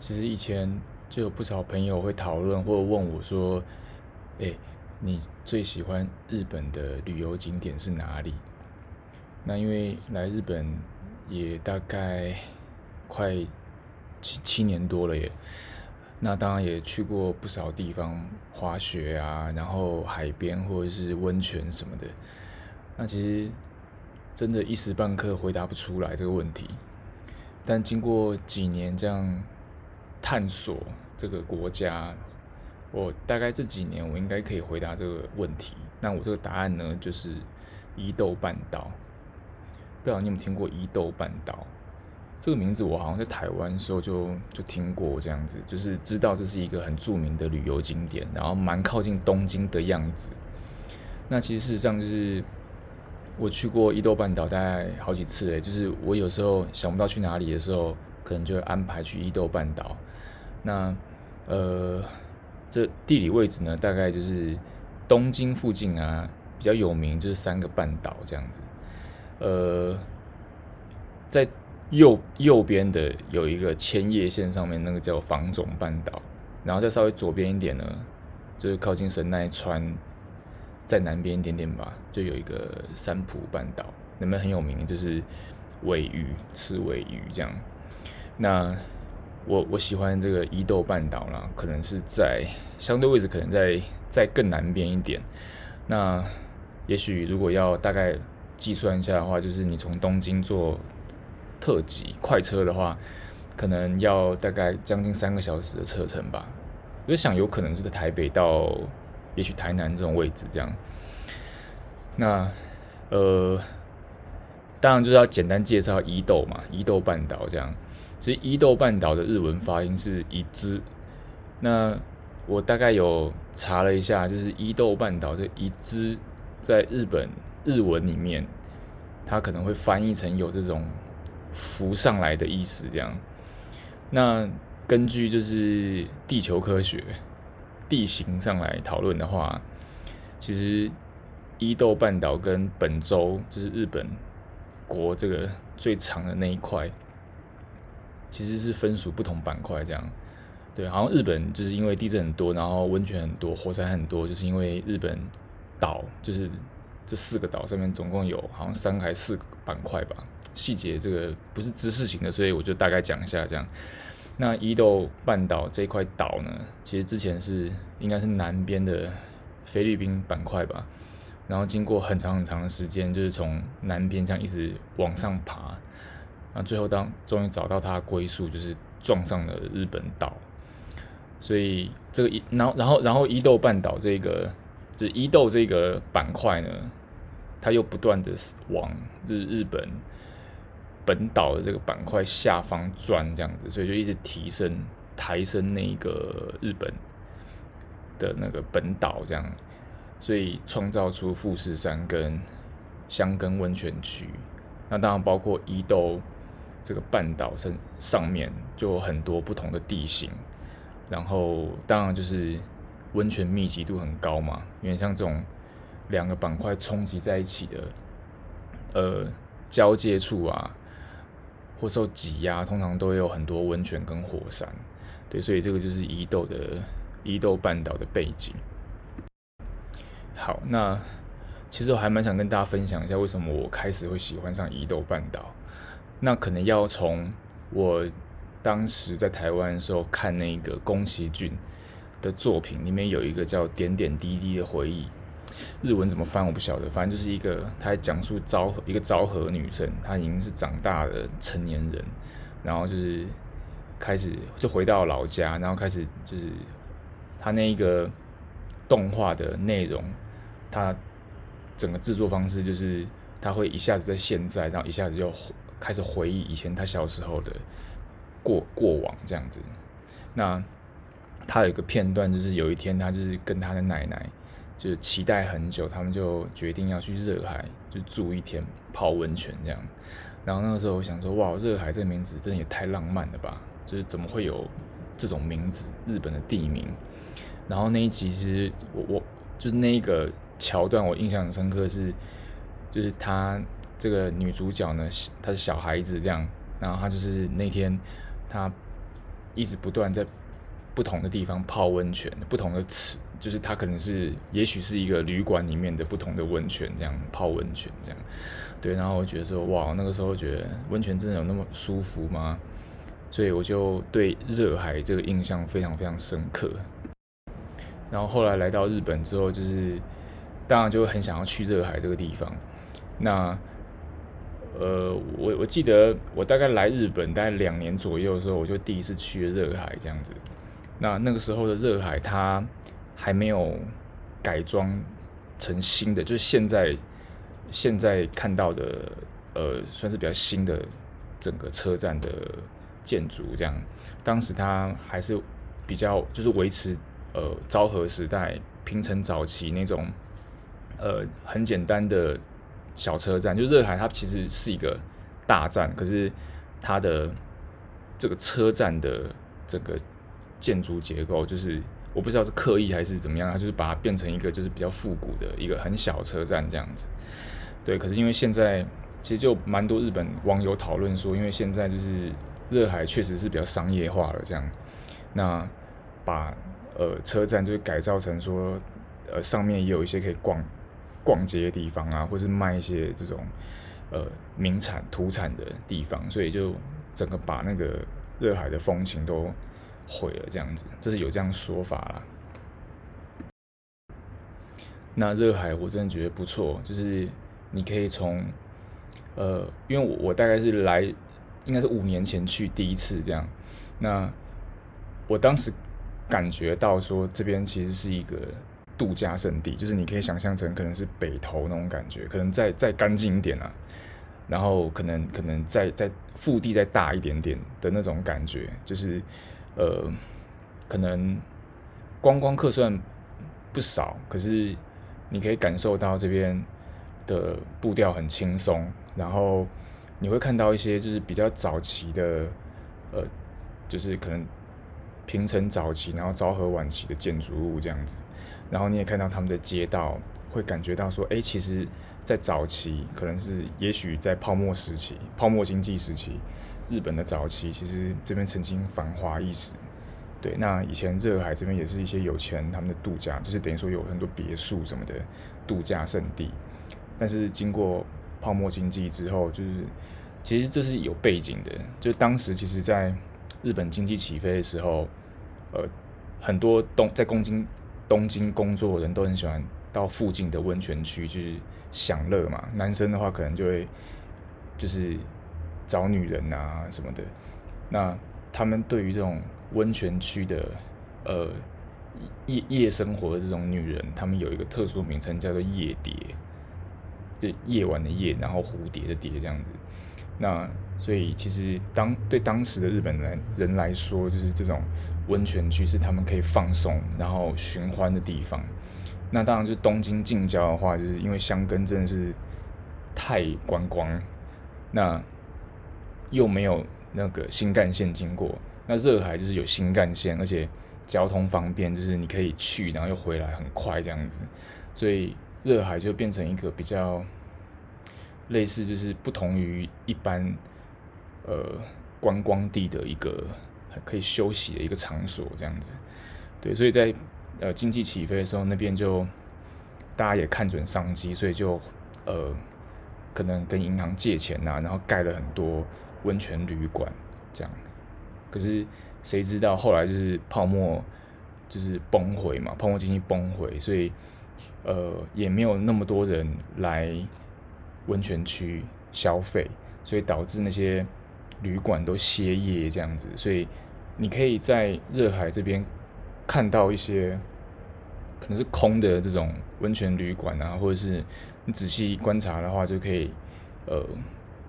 其實以前就有不少朋友會討論或者問我說：“哎，你最喜歡日本的旅遊景點是哪裡？”那因為來日本也大概快七七年多了耶，那當然也去過不少地方，滑雪啊，然後海邊或者是溫泉什麼的。那其實真的一時半刻回答不出來這個問題，但經過幾年這樣。探索這個國家，我大概這幾年我應該可以回答這個問題。那我這個答案呢，就是伊豆半島。不知道你有沒有聽過伊豆半島這個名字？我好像在台灣的時候就就聽過這樣子，就是知道這是一個很著名的旅遊景點，然後蠻靠近東京的樣子。那其實事實上就是我去過伊豆半島大概好幾次誒，就是我有時候想不到去哪裡的時候。可能就會安排去伊豆半島，那呃，這地理位置呢，大概就是東京附近啊，比較有名就是三個半島這樣子。呃，在右右邊的有一個千葉縣上面那個叫房總半島，然後再稍微左邊一點呢，就是靠近神奈川，在南邊一點點吧，就有一個三浦半島，那邊很有名的就是鮪魚，吃鮪魚這樣。那我我喜歡這個伊豆半島啦，可能是在相對位置，可能在在更南邊一點。那也許如果要大概計算一下的話，就是你從東京坐特急快車的話，可能要大概將近三個小時的車程吧。我就想，有可能是在台北到也許台南這種位置這樣。那呃，當然就是要簡單介紹伊豆嘛，伊豆半島這樣。其實伊豆半島的日文發音是“伊之”，那我大概有查了一下，就是伊豆半島的“伊之”在日本日文裡面，它可能會翻譯成有這種浮上來的意思這樣，那根據就是地球科學地形上來討論的話，其實伊豆半島跟本州就是日本國這個最長的那一塊。其實是分屬不同板塊，這樣，對，好像日本就是因為地震很多，然後溫泉很多，火山很多，就是因為日本島，就是這四個島上面總共有好像三個還是四個板塊吧。細節這個不是知識型的，所以我就大概講一下這樣。那伊豆半島這塊島呢，其實之前是應該是南邊的菲律賓板塊吧，然後經過很長很長的時間，就是從南邊這樣一直往上爬。最後，當終於找到它的歸宿，就是撞上了日本島。所以，這個伊，然後，然後，然後，伊豆半島這個，就是伊豆這個板塊呢，它又不斷的往日日本本島的這個板塊下方轉這樣子，所以就一直提升、抬升那個日本的那個本島這樣，所以創造出富士山跟箱根溫泉區。那當然包括伊豆。這個半島上上面就有很多不同的地形，然後當然就是溫泉密集度很高嘛，因為像這種兩個板塊衝擊在一起的，呃，交界處啊，或受擠壓，通常都會有很多溫泉跟火山，對，所以這個就是伊豆的伊豆半島的背景。好，那其實我還蠻想跟大家分享一下，為什麼我開始會喜歡上伊豆半島。那可能要從我當時在台灣的時候看那個宮崎駿的作品，裡面有一個叫《點點滴滴的回憶》，日文怎麼翻我不曉得，反正就是一個，他在講述昭和，一個昭和女生，她已經是長大的成年人，然後就是開始就回到老家，然後開始就是他那個動畫的內容，他整個制作方式就是他會一下子在現在，然後一下子就。開始回憶以前他小時候的過過往這樣子，那他有一個片段就是有一天他就是跟他的奶奶，就是期待很久，他們就決定要去熱海，就住一天泡溫泉這樣。然後那個時候我想說，哇，熱海這個名字真的也太浪漫了吧！就是怎麼會有這種名字，日本的地名？然後那一集其實我我就那個橋段我印象很深刻是，就是他。這個女主角呢，她是小孩子這樣，然後她就是那天她一直不斷在不同的地方泡溫泉，不同的池，就是她可能是也許是一個旅館裡面的不同的溫泉這樣泡溫泉這樣，對，然後我覺得說哇，那個時候我覺得溫泉真的有那麼舒服嗎？所以我就對熱海這個印象非常非常深刻。然後後來來到日本之後，就是當然就很想要去熱海這個地方，那。呃，我我記得我大概來日本大概兩年左右的時候，我就第一次去了熱海這樣子。那那個時候的熱海，它還沒有改裝成新的，就是現在現在看到的，呃，算是比較新的整個車站的建築這樣。當時它還是比較就是維持呃昭和時代平成早期那種，呃很簡單的。小車站，就熱海，它其實是一個大站，可是它的這個車站的這個建築結構，就是我不知道是刻意還是怎麼樣，它就是把它變成一個就是比較復古的一個很小車站這樣子。對，可是因為現在其實就蠻多日本網友討論說，因為現在就是熱海確實是比較商業化了，這樣，那把呃車站就是改造成說呃上面也有一些可以逛。逛街的地方啊，或是賣一些這種呃名產土產的地方，所以就整個把那個熱海的風情都毀了，這樣子，這、就是有這樣說法啦。那熱海我真的覺得不錯，就是你可以從呃，因為我我大概是來應該是五年前去第一次這樣，那我當時感覺到說這邊其實是一個。度假勝地，就是你可以想象成可能是北投那種感覺，可能再再乾淨一點啦、啊，然後可能可能再再腹地再大一點點的那種感覺，就是呃，可能觀光客算不少，可是你可以感受到這邊的步調很輕鬆，然後你會看到一些就是比較早期的呃，就是可能平成早期，然後昭和晚期的建築物這樣子。然後你也看到他們的街道，會感覺到說：“哎，其實，在早期可能是，也許在泡沫時期、泡沫經濟時期，日本的早期其實這邊曾經繁華一時。對，那以前熱海這邊也是一些有錢人的度假，就是等於說有很多別墅什麼的度假勝地。但是經過泡沫經濟之後，就是其實這是有背景的，就當時其實在日本經濟起飛的時候，呃，很多東在東京。東京工作的人都很喜歡到附近的溫泉區去享樂嘛。男生的話，可能就會就是找女人啊什麼的。那他們對於這種溫泉區的呃夜夜生活的這種女人，他們有一個特殊名稱，叫做夜蝶，就夜晚的夜，然後蝴蝶的蝶這樣子。那所以其實當對當時的日本人來說，就是這種。溫泉區是他們可以放鬆，然後尋歡的地方。那當然就是東京近郊的話，就是因為箱根真的是太觀光，那又沒有那個新幹線經過。那熱海就是有新幹線，而且交通方便，就是你可以去，然後又回來很快這樣子。所以熱海就變成一個比較類似，就是不同於一般呃觀光地的一個。可以休息的一個場所，這樣子，對，所以在呃經濟起飛的時候，那邊就大家也看準商機，所以就呃可能跟銀行借錢吶，然後蓋了很多溫泉旅館這樣。可是誰知道後來就是泡沫就是崩毀嘛，泡沫經濟崩毀，所以呃也沒有那麼多人來溫泉區消費，所以導致那些旅館都歇業這樣子，所以。你可以在熱海這邊看到一些可能是空的這種溫泉旅館啊，或者是你仔細觀察的話，就可以呃，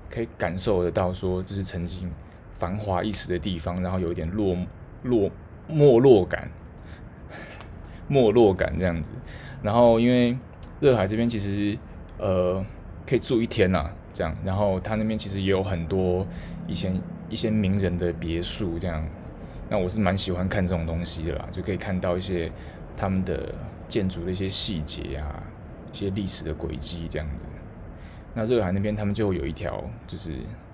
可以感受得到說這是曾經繁華一時的地方，然後有一點落落沒落感，沒落感這樣子。然後因為熱海這邊其實呃可以住一天啊，這樣。然後它那邊其實也有很多以前一些名人的別墅這樣。那我是蠻喜歡看這種東西的啦，就可以看到一些他們的建築的一些細節啊，一些歷史的軌跡這樣子。那熱海那邊他們就有一條，就是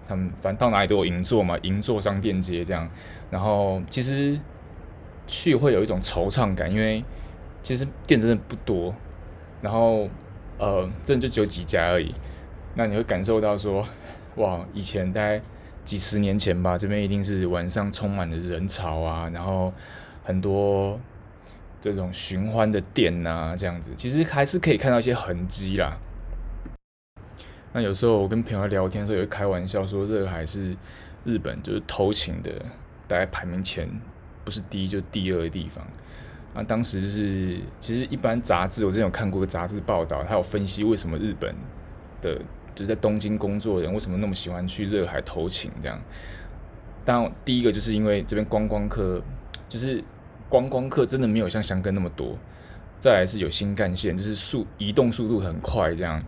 他們反正到哪裡都有銀座嘛，銀座商店街這樣。然後其實去會有一種惆悵感，因為其實店真的不多，然後呃，真的就只有幾家而已。那你會感受到說，哇，以前在。幾十年前吧，這邊一定是晚上充滿了人潮啊，然後很多這種尋歡的店吶，這樣子，其實還是可以看到一些痕跡啦。那有時候我跟朋友聊天的時候，也會開玩笑說，熱海是日本就是偷情的，大概排名前不是第一就第二的地方。啊，當時就是其實一般雜誌我之前有看過雜誌報道，他有分析為什麼日本的。就是在東京工作的人為什麼那麼喜歡去熱海偷情？這樣，當然，第一個就是因為這邊觀光客，就是觀光客真的沒有像箱根那麼多。再來是有新幹線，就是速移動速度很快，這樣。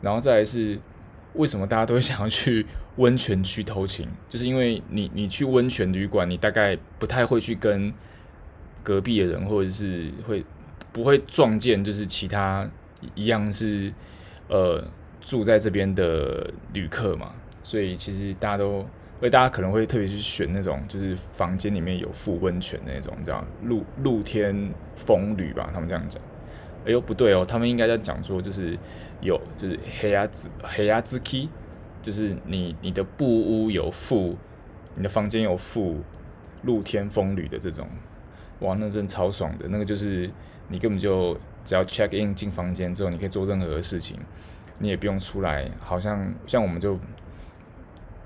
然後再來是為什麼大家都想要去溫泉區偷情？就是因為你你去溫泉旅館，你大概不太會去跟隔壁的人，或者是會不會撞見，就是其他一樣是呃。住在這邊的旅客嘛，所以其實大家都，因為大家可能會特別去選那種，就是房間裡面有附溫泉的那種，你知道，露露天風呂吧？他們這樣講。哎呦，不對哦，他們應該在講說，就是有就是黑鴨子黑鴨子 key，就是你你的布屋有附，你的房間有附露天風呂的這種。哇，那真超爽的，那個就是你根本就只要 check in 進房間之後，你可以做任何的事情。你也不用出來，好像像我們就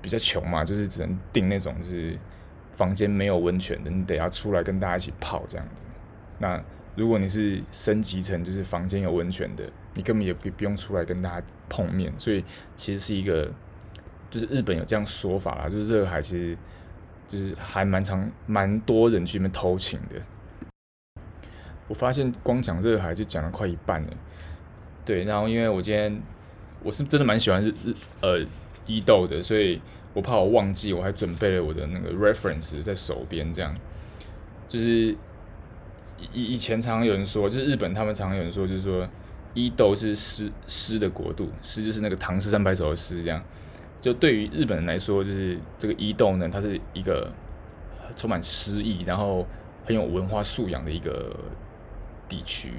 比較窮嘛，就是只能訂那種就是房間沒有溫泉的，你得要出來跟大家一起泡這樣子。那如果你是升級成就是房間有溫泉的，你根本也不不用出來跟大家碰面。所以其實是一個，就是日本有這樣說法啦，就是熱海其實就是還蠻常蠻多人去那邊偷情的。我發現光講熱海就講了快一半了，對，然後因為我今天。我是真的蠻喜歡日日呃伊豆的，所以我怕我忘記，我還準備了我的那個 reference 在手邊，這樣就是以以前常常有人說，就是日本他們常常有人說，就是說伊豆是詩詩的國度，詩就是那個唐詩三百首的詩，這樣就對於日本人來說，就是這個伊豆呢，它是一個充滿詩意，然後很有文化素養的一個地區。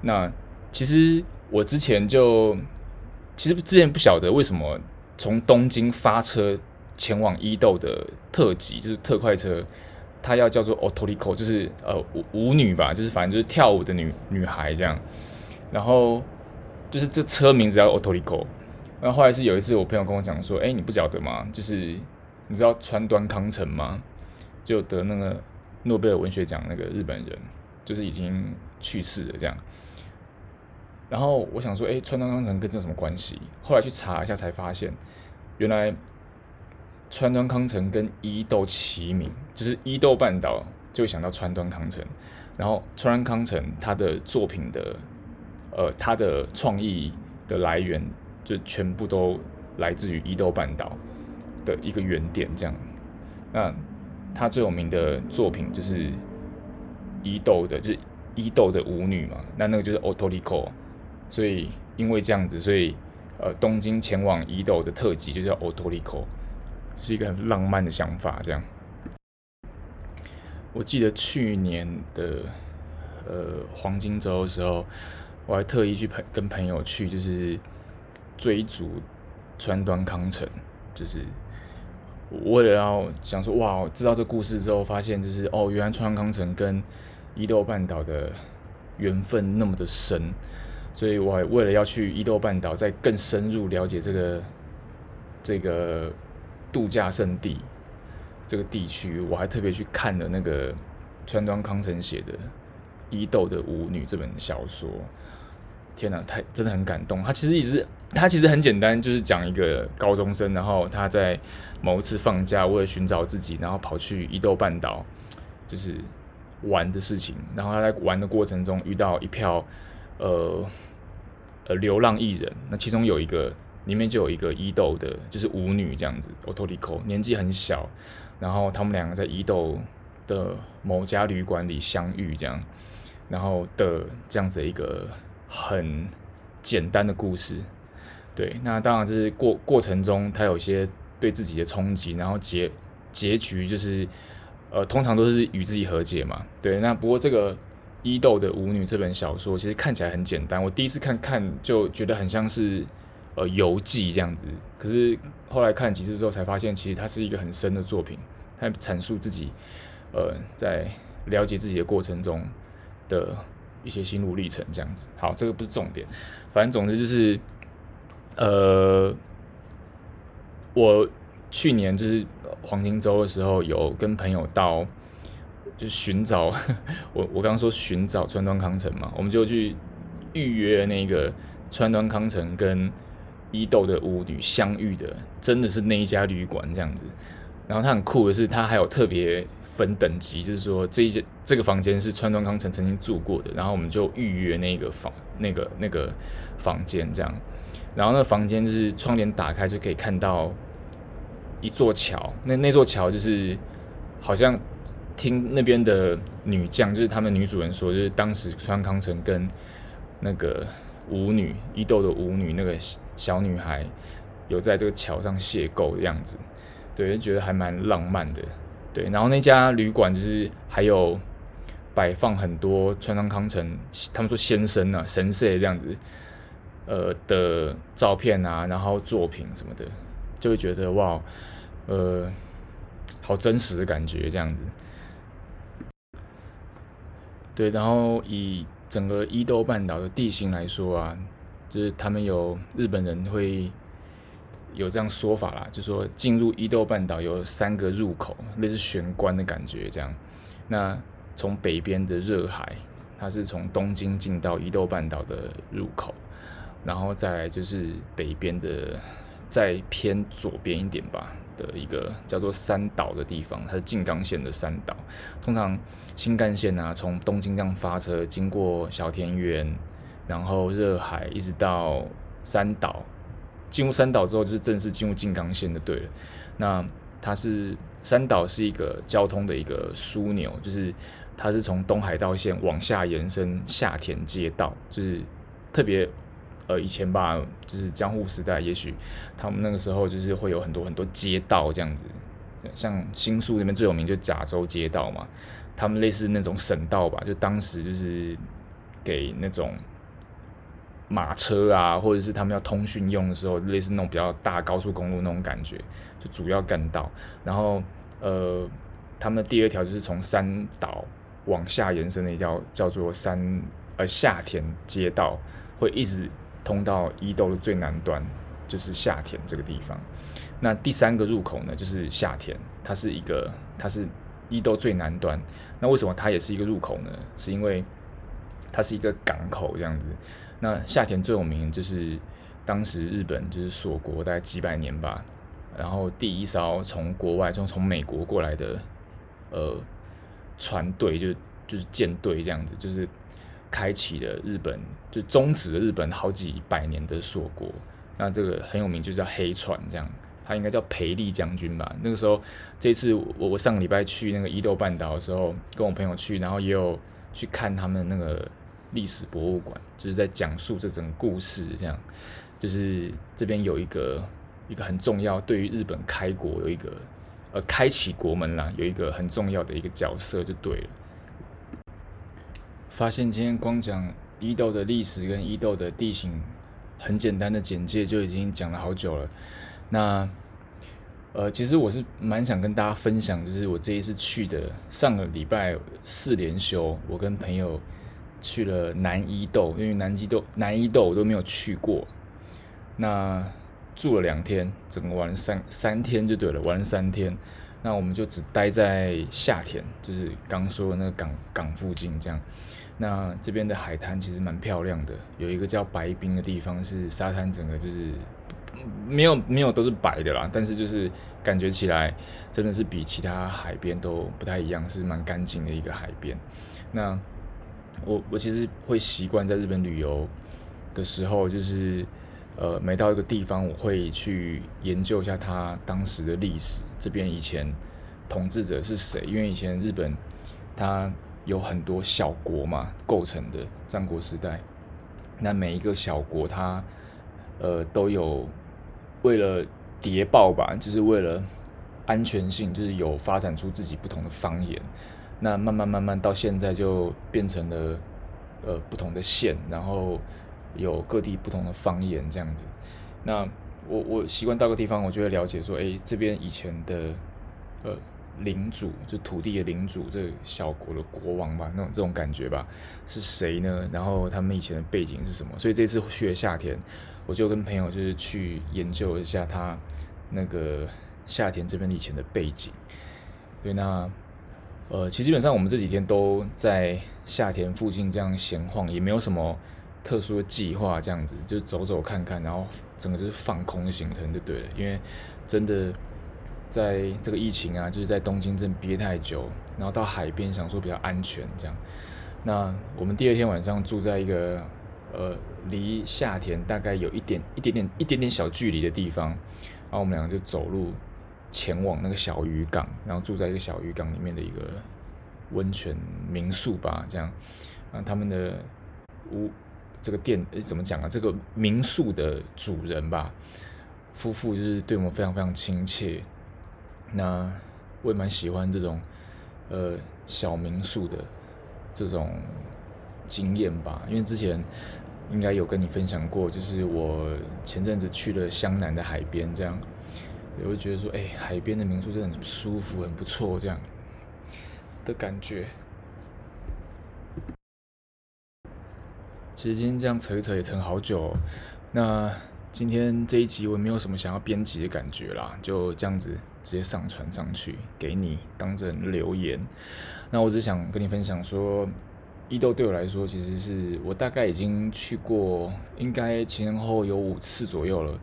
那其實。我之前就其實之前不曉得為什麼從東京發車前往伊豆的特急就是特快車，它要叫做 Otorico 就是呃舞舞女吧，就是反正就是跳舞的女女孩這樣。然後就是這車名字叫 Otorico 那後,後來是有一次我朋友跟我講說，哎、欸，你不曉得嗎？就是你知道川端康成嗎？就得那個諾貝爾文學獎那個日本人，就是已經去世了這樣。然後我想說，哎，川端康成跟這有什麼關係？後來去查一下才發現，原來川端康成跟伊豆齊名，就是伊豆半島就想到川端康成。然後川端康成他的作品的，呃，他的創意的來源就全部都來自於伊豆半島的一個原點這樣。那他最有名的作品就是伊豆的，就是伊豆的舞女嘛。那那個就是 Otorico 所以，因為這樣子，所以，呃，東京前往伊豆的特急就叫 Odoriko 是一個很浪漫的想法。這樣，我記得去年的呃黃金周的時候，我還特意去跟朋友去，就是追逐川端康成，就是我為了要想說，哇，我知道這個故事之後，發現就是哦，原來川端康成跟伊豆半島的緣分那麼的深。所以，我為了要去伊豆半島，再更深入了解這個這個度假勝地這個地區，我還特別去看了那個川端康成寫的《伊豆的舞女》這本小說。天哪、啊，太真的很感動！他其實一直，他其實很簡單，就是講一個高中生，然後他在某一次放假，為了尋找自己，然後跑去伊豆半島，就是玩的事情。然後他在玩的過程中遇到一票。呃呃，流浪藝人，那其中有一個，裡面就有一個伊豆的，就是舞女這樣子，Odoriko，年紀很小，然後他們兩個在伊豆的某家旅館裡相遇，這樣，然後的這樣子一個很簡單的故事，對，那當然就是過過程中他有些對自己的衝擊，然後結結局就是，呃，通常都是與自己和解嘛，對，那不過這個。伊豆的舞女這本小說其實看起來很簡單，我第一次看看就覺得很像是，呃，遊記這樣子。可是後來看幾次之後，才發現其實它是一個很深的作品，它闡述自己，呃，在了解自己的過程中的，一些心路歷程這樣子。好，這個不是重點，反正總之就是，呃，我去年就是黃金周的時候有跟朋友到。就尋找我，我剛剛說尋找川端康成嘛，我們就去預約那個川端康成跟伊豆的舞女相遇的，真的是那一家旅館這樣子。然後他很酷的是，他還有特別分等級，就是說這一間這個房間是川端康成曾經住過的。然後我們就預約那個房、那個、那個房間這樣。然後那房間就是窗簾打開就可以看到一座橋，那那座橋就是好像。聽那邊的女將，就是他們女主人說，就是當時川端康成跟那個舞女伊豆的舞女那個小女孩有在這個橋上邂逅這樣子，對，就覺得還蠻浪漫的。對，然後那家旅館就是還有擺放很多川端康成，他們說先生啊神社這樣子，呃的照片啊，然後作品什麼的，就會覺得哇，呃，好真實的感覺這樣子。對，然後以整個伊豆半島的地形來說啊，就是他們有日本人會有這樣說法啦，就是說進入伊豆半島有三個入口，類似玄關的感覺這樣。那從北邊的熱海，它是從東京進到伊豆半島的入口，然後再來就是北邊的，再偏左邊一點吧，的一個叫做三島的地方，它是靜岡縣的三島。通常新幹線啊，從東京這樣發車，經過小田原，然後熱海，一直到三島。進入三島之後，就是正式進入靜岡縣的對了。那它是三島是一個交通的一個樞紐，就是它是從東海道線往下延伸下田街道，就是特別。呃，以前吧，就是江戶時代，也許他們那個時候就是會有很多很多街道這樣子，像新宿那邊最有名就是甲州街道嘛，他們類似那種省道吧，就當時就是給那種馬車啊，或者是他們要通訊用的時候，類似那種比較大高速公路那種感覺，就主要幹道。然後呃，他們的第二條就是從三島往下延伸的一條叫做三呃下田街道，會一直。通到伊豆的最南端，就是下田這個地方。那第三個入口呢，就是下田，它是一個，它是伊豆最南端。那為什麼它也是一個入口呢？是因為它是一個港口這樣子。那下田最有名就是當時日本就是鎖國大概幾百年吧，然後第一艘從國外從從美國過來的呃船隊就就是艦隊這樣子，就是。開啟了日本，就終止了日本好幾百年的鎖國。那這個很有名，就叫黑船，這樣。他應該叫培里將軍吧？那個時候，這次我我上個禮拜去那個伊豆半島的時候，跟我朋友去，然後也有去看他們那個歷史博物館，就是在講述這整個故事，這樣。就是這邊有一個一個很重要，對於日本開國有一個呃開啟國門啦，有一個很重要的一個角色就對了。發現今天光講伊豆的歷史跟伊豆的地形，很簡單的簡介就已經講了好久了。那呃，其實我是蠻想跟大家分享，就是我這一次去的上個禮拜四連休，我跟朋友去了南伊豆，因為南伊豆南伊豆我都沒有去過。那住了兩天，整個玩了三三天就對了，玩了三天。那我們就只待在夏天，就是剛說的那個港港附近這樣。那這邊的海灘其實蠻漂亮的，有一個叫白濱的地方，是沙灘整個就是沒有沒有都是白的啦，但是就是感覺起來真的是比其他海邊都不太一樣，是蠻乾淨的一個海邊。那我我其實會習慣在日本旅遊的時候，就是。呃，每到一個地方，我會去研究一下它當時的歷史。這邊以前統治者是誰？因為以前日本它有很多小國嘛，構成的戰國時代，那每一個小國它呃都有為了諜報吧，就是為了安全性，就是有發展出自己不同的方言。那慢慢慢慢到現在就變成了呃不同的縣，然後。有各地不同的方言這樣子，那我我習慣到個地方，我就會了解說，哎、欸，這邊以前的呃領主，就土地的領主，這個、小國的國王吧，那種這種感覺吧，是誰呢？然後他們以前的背景是什麼？所以這次去了下田，我就跟朋友就是去研究一下他那個下田這邊以前的背景。對，那呃，其實基本上我們這幾天都在下田附近這樣閒晃，也沒有什麼。特殊的計劃這樣子，就走走看看，然後整個就是放空行程就對了。因為真的在這個疫情啊，就是在東京真的憋太久，然後到海邊想說比較安全這樣。那我們第二天晚上住在一個呃離下田大概有一點一點點一點點小距離的地方，然後我們兩個就走路前往那個小漁港，然後住在一個小漁港裡面的一個溫泉民宿吧，這樣。那他們的屋。這個店誒，怎麼講啊？這個民宿的主人吧，夫婦就是對我們非常非常親切。那我也蠻喜歡這種，呃，小民宿的這種經驗吧。因為之前應該有跟你分享過，就是我前陣子去了湘南的海邊，這樣也會覺得說，哎，海邊的民宿真的很舒服，很不錯，這樣的感覺。其實今天這樣扯一扯也扯好久，哦。那今天這一集我也沒有什麼想要編輯的感覺啦，就這樣子直接上傳上去給你當成留言。那我只想跟你分享說，伊豆對我來說，其實是我大概已經去過，應該前後有五次左右了。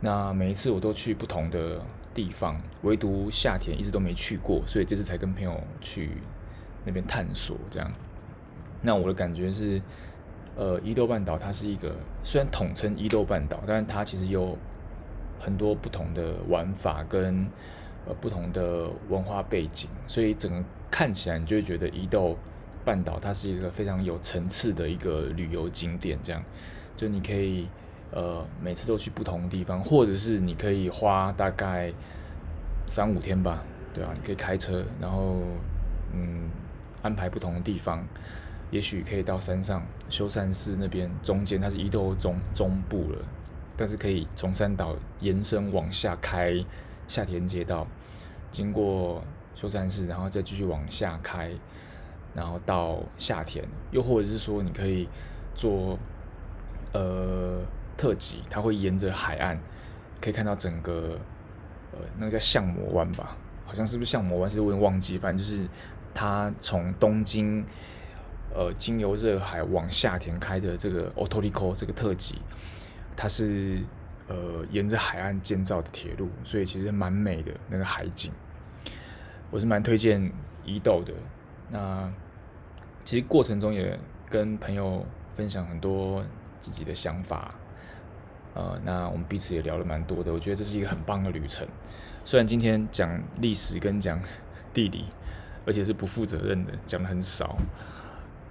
那每一次我都去不同的地方，唯獨下田一直都沒去過，所以這次才跟朋友去那邊探索這樣。那我的感覺是。呃，伊豆半島它是一個，雖然統稱伊豆半島，但它其實有很多不同的玩法跟呃不同的文化背景，所以整個看起來你就會覺得伊豆半島它是一個非常有層次的一個旅遊景點。這樣，就你可以呃每次都去不同的地方，或者是你可以花大概三五天吧，對啊，你可以開車，然後嗯安排不同的地方。也許可以到山上修善寺那邊中間，它是伊豆中中部了，但是可以從三島延伸往下開下田街道，經過修善寺，然後再繼續往下開，然後到下田。又或者是說，你可以坐呃特急，它會沿着海岸可以看到整個呃那個叫相模灣吧？好像是不是相模灣？其實我已經忘記，反正就是它從東京。呃，經由熱海往夏天開的這個 o t o r i c o 這個特急，它是呃沿着海岸建造的鐵路，所以其實蠻美的那個海景，我是蠻推薦伊、e、豆的。那其實過程中也跟朋友分享很多自己的想法，呃，那我們彼此也聊了蠻多的，我覺得這是一個很棒的旅程。雖然今天講歷史跟講地理，而且是不負責任的，講的很少。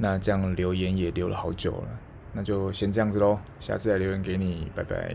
那這樣留言也留了好久了，那就先這樣子嘍，下次再留言給你，拜拜。